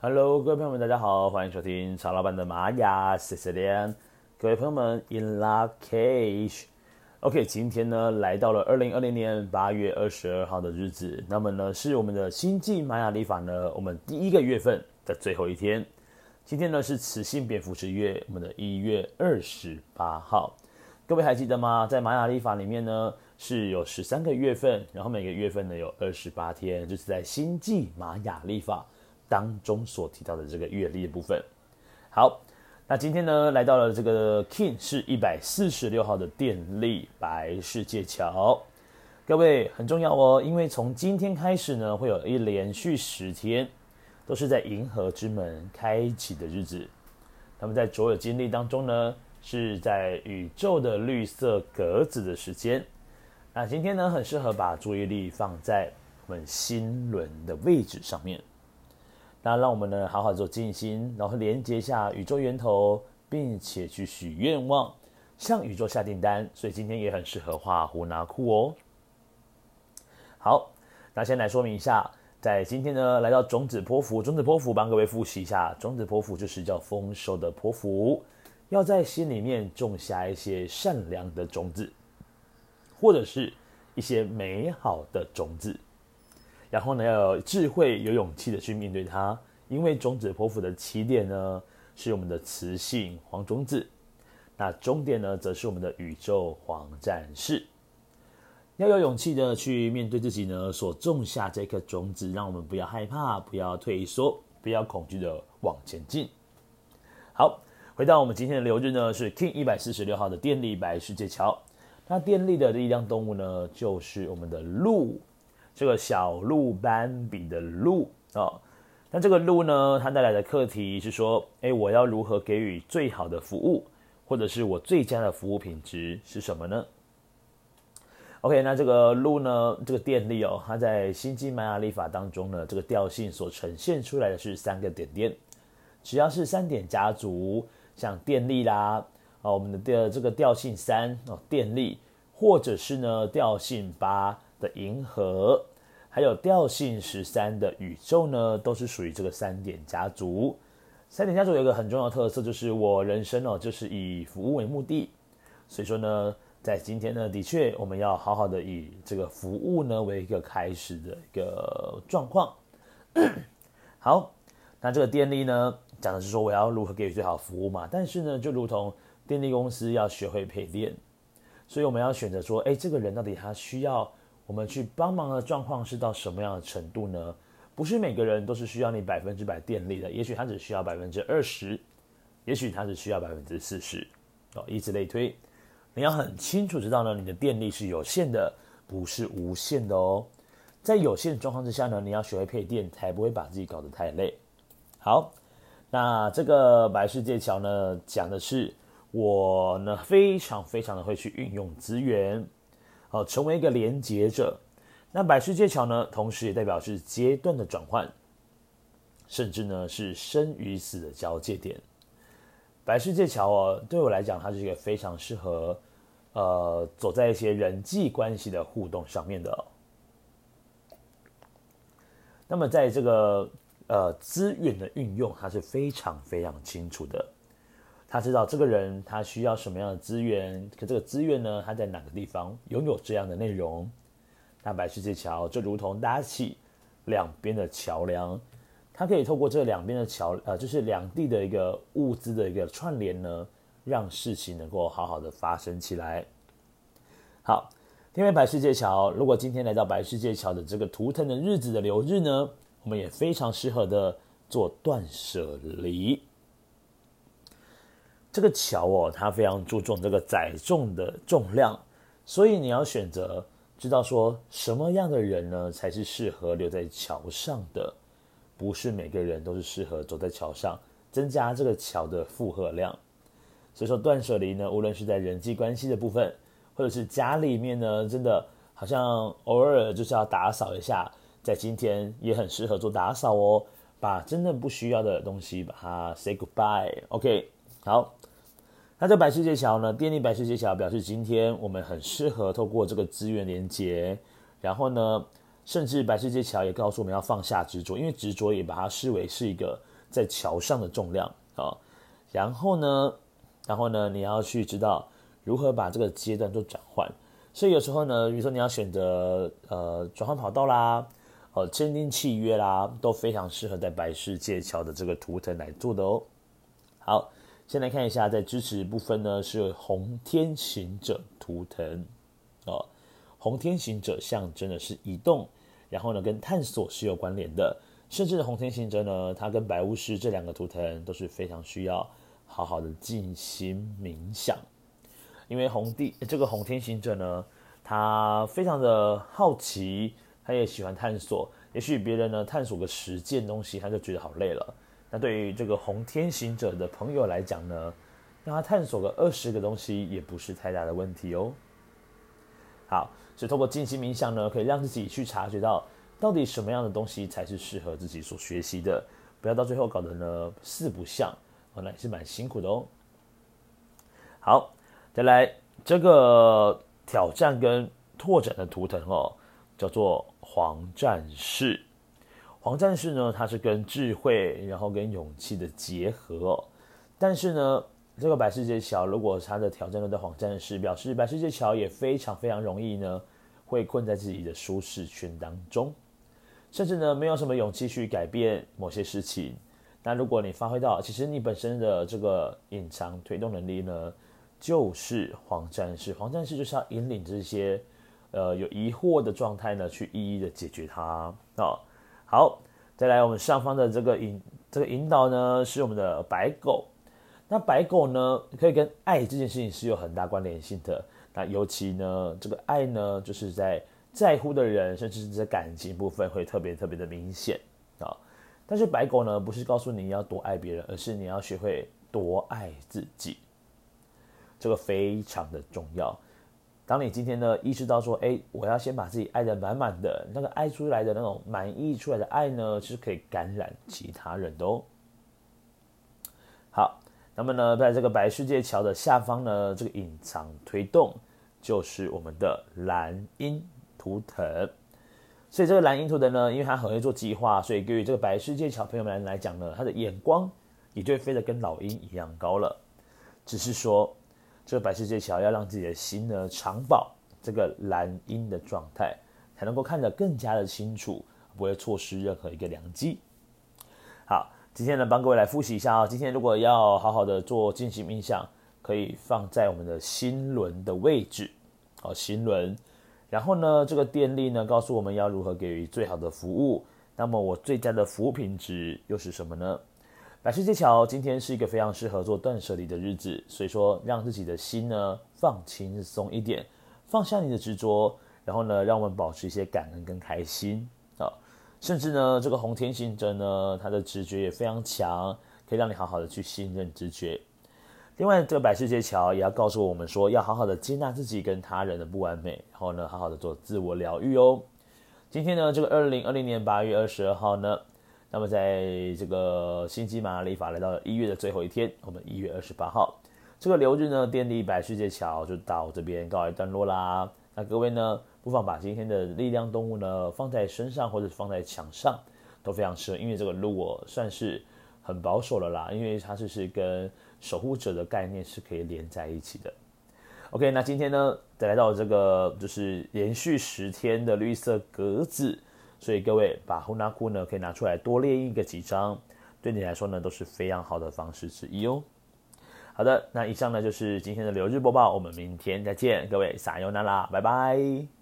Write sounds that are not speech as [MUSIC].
Hello，各位朋友們，大家好，歡迎收聽曹老板的瑪雅世界，各位朋友們，In Lak'ech。OK，今天呢來到了二零二零年八月二十二號的日子，那麼呢是我們的星際瑪雅曆法呢，我們第一個月份的最後一天。今天呢是雌性蝙蝠之月，我們的一月二十八號。各位還記得嗎？在瑪雅曆法裡面呢是有十三個月份，然後每個月份呢有二十八天，就是在星際瑪雅曆法。當中所提到的這個閱歷的部分，好，那今天呢來到了這個 KIN 是一百四十六號的電力白世界橋，各位很重要哦，因為從今天開始呢，會有一連續十天都是在銀河之門開啟的日子，他們在所有經歷當中呢，是在宇宙的綠色格子的時間，那今天呢很適合把注意力放在我們心輪的位置上面。那讓我們呢好好做靜心，然後連接一下宇宙源頭，並且去許願望，向宇宙下訂單。所以今天也很適合畫胡納庫哦。好，那先來說明一下，在今天呢來到種子波符，種子波符幫各位復習一下，種子波符就是叫豐收的波符，要在心裡面種下一些善良的種子，或者是一些美好的種子。然後呢，要有智慧、有勇氣的去面對它，因為種子波符的起點呢是我們的磁性黃種子，那終點呢則是我們的宇宙黃戰士。要有勇氣的去面對自己呢所種下這顆種子，讓我們不要害怕、不要退縮、不要恐懼的往前進。好，回到我們今天的流日呢是 Kin 一百四十六號的電力白世界橋，那電力的力量動物呢就是我們的鹿。這個小鹿斑比的鹿哦，那這個鹿呢，它帶來的課題是說，哎，我要如何給予最好的服務，或者是我最佳的服務品質是什麼呢？OK，那這個鹿呢，這個電力哦，它在星際馬雅曆法當中呢，這個調性所呈現出來的是三個點點，只要是三點家族，像電力啦，啊、哦，我們的的這個調性三哦，電力，或者是呢，調性八。的銀河，還有調性十三的宇宙呢，都是屬於這個三點家族。三點家族有一個很重要的特色，就是我人生哦，就是以服務為目的。所以說呢，在今天呢，的確我們要好好的以這個服務呢為一個開始的一個狀況。 [COUGHS] 好，那這個電力呢，講的是說我要如何給予最好服務嘛。但是呢，就如同電力公司要學會配電，所以我們要選擇說，哎，這個人到底他需要。我們去幫忙的狀況是到什麼樣的程度呢？不是每個人都是需要你百分之百電力的，也許他只需要百分之二十，也許他只需要百分之四十，哦，以此類推。你要很清楚知道呢，你的電力是有限的，不是無限的哦。在有限狀況之下呢，你要學會配電，才不會把自己搞得太累。好，那這個白世界橋呢，講的是我呢非常非常的會去運用資源。好，成為一個連接者。那白世界橋呢，同時也代表是階段的轉換，甚至呢是生與死的交界點。白世界橋哦，對我來講，它是一個非常適合，呃，走在一些人際關係的互動上面的哦。那麼，在這個呃資源的運用，它是非常非常清楚的。他知道這個人他需要什麼樣的資源，可這個資源呢，他在哪個地方擁有這樣的內容？那白世界橋就如同搭起兩邊的橋樑，它可以透過這兩邊的橋，呃，就是兩地的一個物資的一個串聯呢，讓事情能夠好好的發生起來。好，因為白世界橋，如果今天來到白世界橋的這個圖騰的日子的流日呢，我們也非常適合的做斷捨離。這個橋哦，它非常注重這個載重的重量，所以你要選擇知道說什麼樣的人呢，才是適合留在橋上的，不是每個人都是適合走在橋上，增加這個橋的負荷量。所以說斷舍離呢，無論是在人際關係的部分，或者是家裡面呢，真的好像偶爾就是要打掃一下，在今天也很適合做打掃哦，把真的不需要的東西把它 say goodbye，OK、okay。好，那在白世界橋呢？電力白世界橋表示，今天我們很適合透過這個資源連接。然後呢，甚至白世界橋也告訴我們要放下執着，因為執着也把它視為是一個在橋上的重量啊、哦。然後呢，然後呢，你要去知道如何把這個階段做轉換。所以有時候呢，比如說你要選擇呃轉換跑道啦，哦簽訂契約啦，都非常適合在白世界橋的這個圖騰來做的哦。好。先來看一下，在支持部分呢，是有紅天行者圖騰，哦，紅天行者象徵的是移動，然後呢，跟探索是有關聯的，甚至紅天行者呢，他跟白巫師這兩個圖騰都是非常需要好好的進行冥想，因為紅地、欸，這個紅天行者呢，他非常的好奇，他也喜歡探索，也許別人呢，探索個十件東西，他就覺得好累了。那對於這個紅天行者的朋友來講呢，讓他探索個二十個東西也不是太大的問題哦。好，所以透過靜心冥想呢，可以讓自己去察覺到到底什麼樣的東西才是適合自己所學習的，不要到最後搞得呢四不像，本來也是蠻辛苦的哦。好，再來這個挑戰跟拓展的圖騰哦，叫做黃戰士。黃戰士呢，他是跟智慧，然後跟勇氣的結合。但是呢，這個白世界橋，如果他的挑戰落在黃戰士，表示白世界橋也非常非常容易呢，會困在自己的舒適圈當中，甚至呢，沒有什麼勇氣去改變某些事情。那如果你發揮到，其實你本身的這個隱藏推動能力呢，就是黃戰士。黃戰士就是要引領這些，呃，有疑惑的狀態呢，去一一的解決它啊。哦。好，再來我們上方的這個引，這個引導呢，是我們的白狗。那白狗呢，可以跟愛這件事情是有很大關聯性的。那尤其呢，這個愛呢，就是在在乎的人，甚至是在感情部分會特別特別的明顯啊。但是白狗呢，不是告訴你要多愛別人，而是你要學會多愛自己，這個非常的重要。當你今天呢意識到說，哎，我要先把自己愛得滿滿的，那個愛出來的那種滿溢出來的愛呢，是可以感染其他人的哦。好，那麼呢，在這個白世界橋的下方呢，這個隱藏推動就是我們的藍鷹圖騰。所以這個藍鷹圖騰呢，因為它很會做計劃，所以對於這個白世界橋朋友們來講呢，他的眼光已經飛得跟老鷹一樣高了，只是說，這個白世界橋要讓自己的心呢常保，這個藍鷹的狀態，才能夠看得更加的清楚，不會錯失任何一個良機。好，今天呢幫各位來複習一下哦。今天如果要好好的做靜心冥想，可以放在我們的心輪的位置，哦，心輪。然後呢，這個電力呢告訴我們要如何給予最好的服務。那麼我最佳的服務品質又是什麼呢？白世界橋，今天是一個非常適合做斷捨離的日子，所以說，讓自己的心呢放輕鬆一點，放下你的執着，然後呢，讓我們保持一些感恩跟開心啊、哦，甚至呢，這個紅天行者呢，他的直覺也非常強，可以讓你好好的去信任直覺。另外，這個白世界橋也要告訴我們說，要好好的接納自己跟他人的不完美，然後呢，好好的做自我療癒哦。今天呢，這個二零二零年八月二十二號呢。那麼，在這個星際馬雅曆法來到一月的最後一天，我們一月二十八號，這個流日呢，電力白世界橋就到這邊告一段落啦。那各位呢，不妨把今天的力量動物呢放在身上，或者放在牆上，都非常適合，因為這個鹿我、哦、算是很保守了啦，因為它是是跟守護者的概念是可以連在一起的。OK，那今天呢，再來到這個就是連續十天的綠色格子。所以各位把呼納庫呢可以拿出來多練一個幾張，對你來說呢都是非常好的方式之一哦。好的，那以上呢就是今天的流日播報，我們明天再見，各位撒由那拉，拜拜。